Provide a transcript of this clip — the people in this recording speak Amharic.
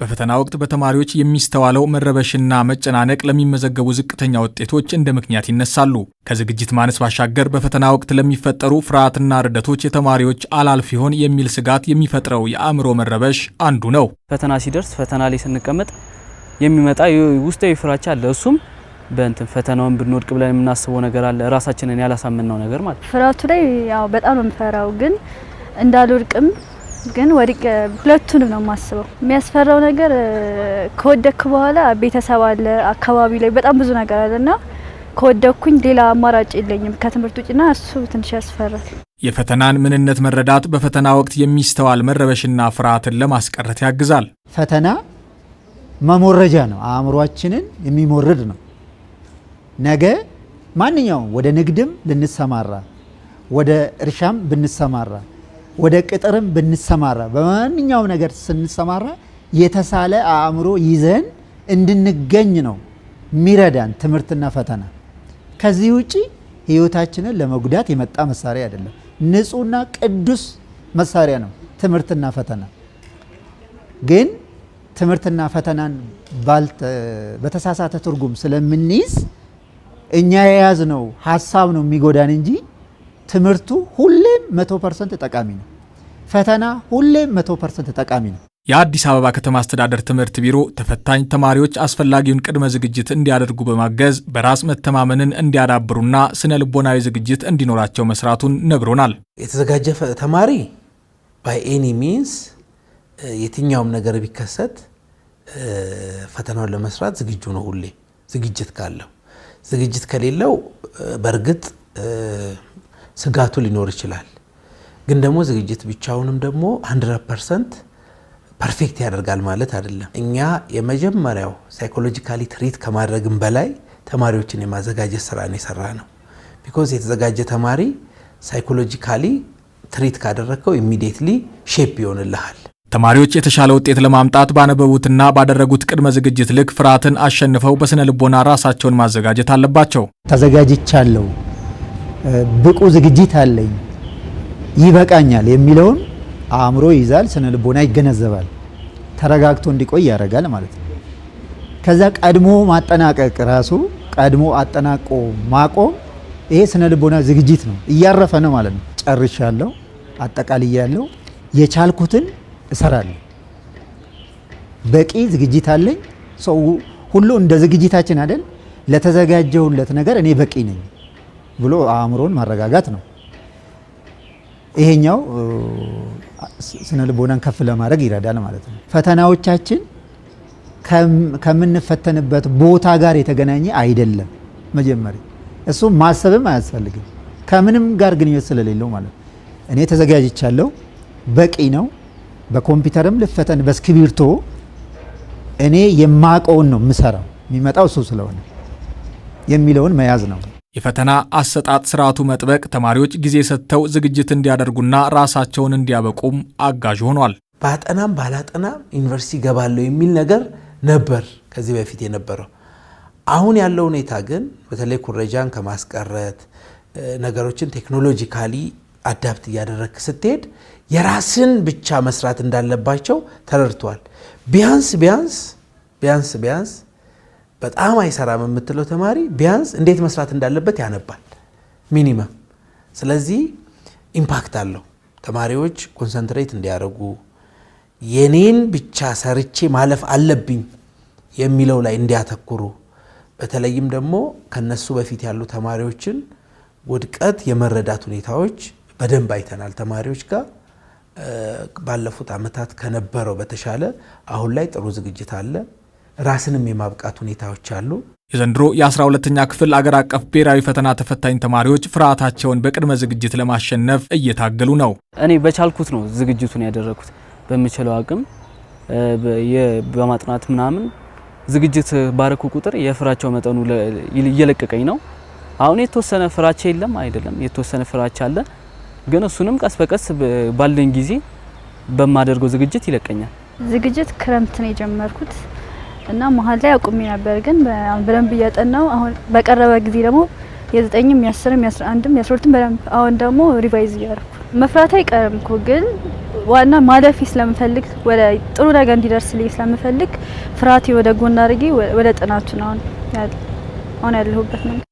በፈተና ወቅት በተማሪዎች የሚስተዋለው መረበሽና መጨናነቅ ለሚመዘገቡ ዝቅተኛ ውጤቶች እንደ ምክንያት ይነሳሉ። ከዝግጅት ማነስ ባሻገር በፈተና ወቅት ለሚፈጠሩ ፍርሃትና ርደቶች የተማሪዎች አላልፍ ይሆን የሚል ስጋት የሚፈጥረው የአእምሮ መረበሽ አንዱ ነው። ፈተና ሲደርስ ፈተና ላይ ስንቀመጥ የሚመጣ ውስጣዊ ፍራቻ አለ። እሱም በእንትን ፈተናውን ብንወድቅ ብለን የምናስበው ነገር አለ። ራሳችንን ያላሳምነው ነገር ማለት ፍርሃቱ ላይ ያው በጣም የምፈራው ግን እንዳልወድቅም ግን ወድቅ ሁለቱንም ነው የማስበው። የሚያስፈራው ነገር ከወደክ በኋላ ቤተሰብ አለ፣ አካባቢ ላይ በጣም ብዙ ነገር አለና ከወደኩኝ ሌላ አማራጭ የለኝም ከትምህርት ውጭና እሱ ትንሽ ያስፈራል። የፈተናን ምንነት መረዳት በፈተና ወቅት የሚስተዋል መረበሽና ፍርሃትን ለማስቀረት ያግዛል። ፈተና መሞረጃ ነው፣ አእምሯችንን የሚሞርድ ነው። ነገ ማንኛውም ወደ ንግድም ልንሰማራ ወደ እርሻም ብንሰማራ ወደ ቅጥርም ብንሰማራ በማንኛውም ነገር ስንሰማራ የተሳለ አእምሮ ይዘን እንድንገኝ ነው ሚረዳን ትምህርትና ፈተና። ከዚህ ውጪ ህይወታችንን ለመጉዳት የመጣ መሳሪያ አይደለም። ንጹህና ቅዱስ መሳሪያ ነው ትምህርትና ፈተና። ግን ትምህርትና ፈተናን በተሳሳተ ትርጉም ስለምንይዝ እኛ የያዝነው ሀሳብ ነው የሚጎዳን እንጂ ትምህርቱ ሁሌ መቶ ፐርሰንት ጠቃሚ ነው። ፈተና ሁሌም መቶ ፐርሰንት ጠቃሚ ነው። የአዲስ አበባ ከተማ አስተዳደር ትምህርት ቢሮ ተፈታኝ ተማሪዎች አስፈላጊውን ቅድመ ዝግጅት እንዲያደርጉ በማገዝ በራስ መተማመንን እንዲያዳብሩና ስነ ልቦናዊ ዝግጅት እንዲኖራቸው መስራቱን ነግሮናል። የተዘጋጀ ተማሪ ባይ ኤኒ ሚንስ የትኛውም ነገር ቢከሰት ፈተናውን ለመስራት ዝግጁ ነው። ሁሌ ዝግጅት ካለው ዝግጅት ከሌለው በእርግጥ ስጋቱ ሊኖር ይችላል። ግን ደግሞ ዝግጅት ብቻውንም ደግሞ 100 ፐርሰንት ፐርፌክት ያደርጋል ማለት አይደለም። እኛ የመጀመሪያው ሳይኮሎጂካሊ ትሪት ከማድረግም በላይ ተማሪዎችን የማዘጋጀት ስራ ነው የሰራ ነው። ቢኮዝ የተዘጋጀ ተማሪ ሳይኮሎጂካሊ ትሪት ካደረግከው ኢሚዲየትሊ ሼፕ ይሆንልሃል። ተማሪዎች የተሻለ ውጤት ለማምጣት ባነበቡትና ባደረጉት ቅድመ ዝግጅት ልክ ፍርሃትን አሸንፈው በስነ ልቦና ራሳቸውን ማዘጋጀት አለባቸው። ተዘጋጅቻለሁ፣ ብቁ ዝግጅት አለኝ ይበቃኛል የሚለውን አእምሮ ይዛል፣ ስነ ልቦና ይገነዘባል፣ ተረጋግቶ እንዲቆይ ያደርጋል ማለት ነው። ከዛ ቀድሞ ማጠናቀቅ ራሱ ቀድሞ አጠናቆ ማቆም ይሄ ስነ ልቦና ዝግጅት ነው። እያረፈ ነው ማለት ነው። ጨርሻለሁ፣ አጠቃልዬ ያለው የቻልኩትን እሰራለሁ፣ በቂ ዝግጅት አለኝ። ሰው ሁሉ እንደ ዝግጅታችን አይደል? ለተዘጋጀውለት ነገር እኔ በቂ ነኝ ብሎ አእምሮን ማረጋጋት ነው። ይሄኛው ስነ ልቦናን ከፍ ለማድረግ ይረዳል ማለት ነው። ፈተናዎቻችን ከምንፈተንበት ቦታ ጋር የተገናኘ አይደለም። መጀመሪያ እሱ ማሰብም አያስፈልግም ከምንም ጋር ግንኙነት ስለሌለው ማለት ነው። እኔ ተዘጋጅቻለሁ፣ በቂ ነው። በኮምፒውተርም ልፈተን በእስክሪብቶ እኔ የማቀውን ነው የምሰራው፣ የሚመጣው እሱ ስለሆነ የሚለውን መያዝ ነው። የፈተና አሰጣጥ ስርዓቱ መጥበቅ ተማሪዎች ጊዜ ሰጥተው ዝግጅት እንዲያደርጉና ራሳቸውን እንዲያበቁም አጋዥ ሆኗል። ባጠናም ባላጠናም ዩኒቨርሲቲ ገባለሁ የሚል ነገር ነበር ከዚህ በፊት የነበረው። አሁን ያለው ሁኔታ ግን በተለይ ኩረጃን ከማስቀረት ነገሮችን ቴክኖሎጂካሊ አዳፕት እያደረግክ ስትሄድ የራስን ብቻ መስራት እንዳለባቸው ተረድቷል። ቢያንስ ቢያንስ ቢያንስ ቢያንስ በጣም አይሰራም የምትለው ተማሪ ቢያንስ እንዴት መስራት እንዳለበት ያነባል ሚኒመም። ስለዚህ ኢምፓክት አለው። ተማሪዎች ኮንሰንትሬት እንዲያደርጉ የኔን ብቻ ሰርቼ ማለፍ አለብኝ የሚለው ላይ እንዲያተኩሩ፣ በተለይም ደግሞ ከነሱ በፊት ያሉ ተማሪዎችን ውድቀት የመረዳት ሁኔታዎች በደንብ አይተናል። ተማሪዎች ጋር ባለፉት ዓመታት ከነበረው በተሻለ አሁን ላይ ጥሩ ዝግጅት አለ። ራስንም የማብቃት ሁኔታዎች አሉ። የዘንድሮ የ12ኛ ክፍል አገር አቀፍ ብሔራዊ ፈተና ተፈታኝ ተማሪዎች ፍርሃታቸውን በቅድመ ዝግጅት ለማሸነፍ እየታገሉ ነው። እኔ በቻልኩት ነው ዝግጅቱን ያደረኩት በምችለው አቅም በማጥናት ምናምን ዝግጅት ባረኩ ቁጥር የፍራቸው መጠኑ እየለቀቀኝ ነው። አሁን የተወሰነ ፍራቻ የለም አይደለም፣ የተወሰነ ፍራቻ አለ፣ ግን እሱንም ቀስ በቀስ ባለኝ ጊዜ በማደርገው ዝግጅት ይለቀኛል። ዝግጅት ክረምት ነው የጀመርኩት እና መሀል ላይ አቁሜ ነበር፣ ግን በደንብ እያጠናው አሁን በቀረበ ጊዜ ደግሞ የዘጠኝም የአስርም የአስራአንድም የአስራሁለትም በደንብ አሁን ደግሞ ሪቫይዝ እያደረኩ መፍራት አይቀርም እኮ ግን ዋና ማለፊ ስለምፈልግ ወደ ጥሩ ነገር እንዲደርስ ልይ ስለምፈልግ ፍርሃቴ ወደ ጎን አድርጌ ወደ ጥናቱ ነው አሁን ያለሁበት ነው።